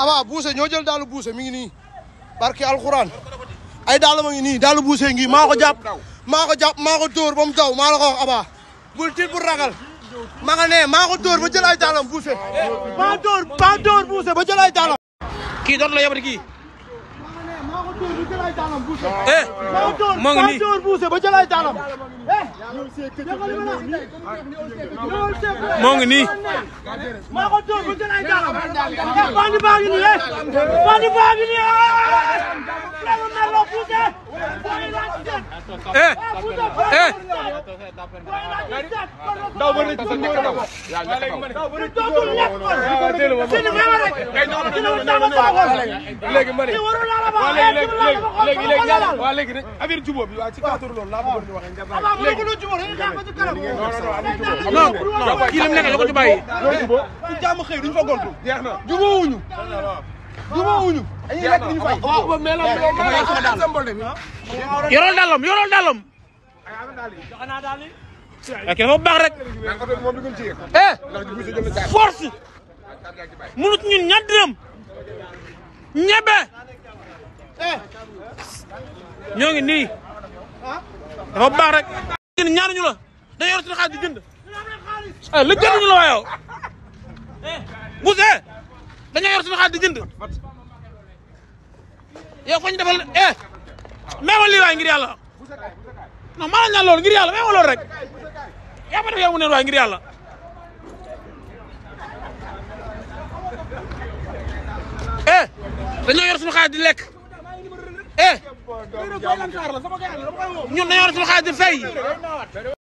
Ama buuse ñoo jël daalu buuse mi ngi nii barki alxuraan ay daalu ma ngi nii daalu buuse ngi maa ko jàpp maa ko jàpp maa ko dóor ba mu daw maa la ko Aba bul tiit bu ragal ma nga ne maa ko dóor ba jël ay daalam buuse maa dóor maa jël ay daalam kii doon la yabati kii eh moo ngi nii moo eh, ngi nii. moo eh, ngi nii. Eh. não não não balik tu. Dau balik tu. Sini kamera. Sini tu kalau. No, no. jubóowuñu. dañuy lekk ñu fay waaw mais lan loolu mooy lan eh! munut ñun ña dërëm. ñebe. Eh! ñoo ngi nii. dafa baax rek. ñun ñaanuñu la dañu yor suñu xaalis di jënd. ah eh, li jënduñu la waaye da nga yor suñu xaalis di jënd yow ko ñu defal eh meewal waay ngir yàlla non maa la ñaan loolu ngir yàlla meewal rek yaa ma def yow waay ngir yàlla eh dañoo yor suñu xaalis di lekk eh ñun yor suñu xaalis di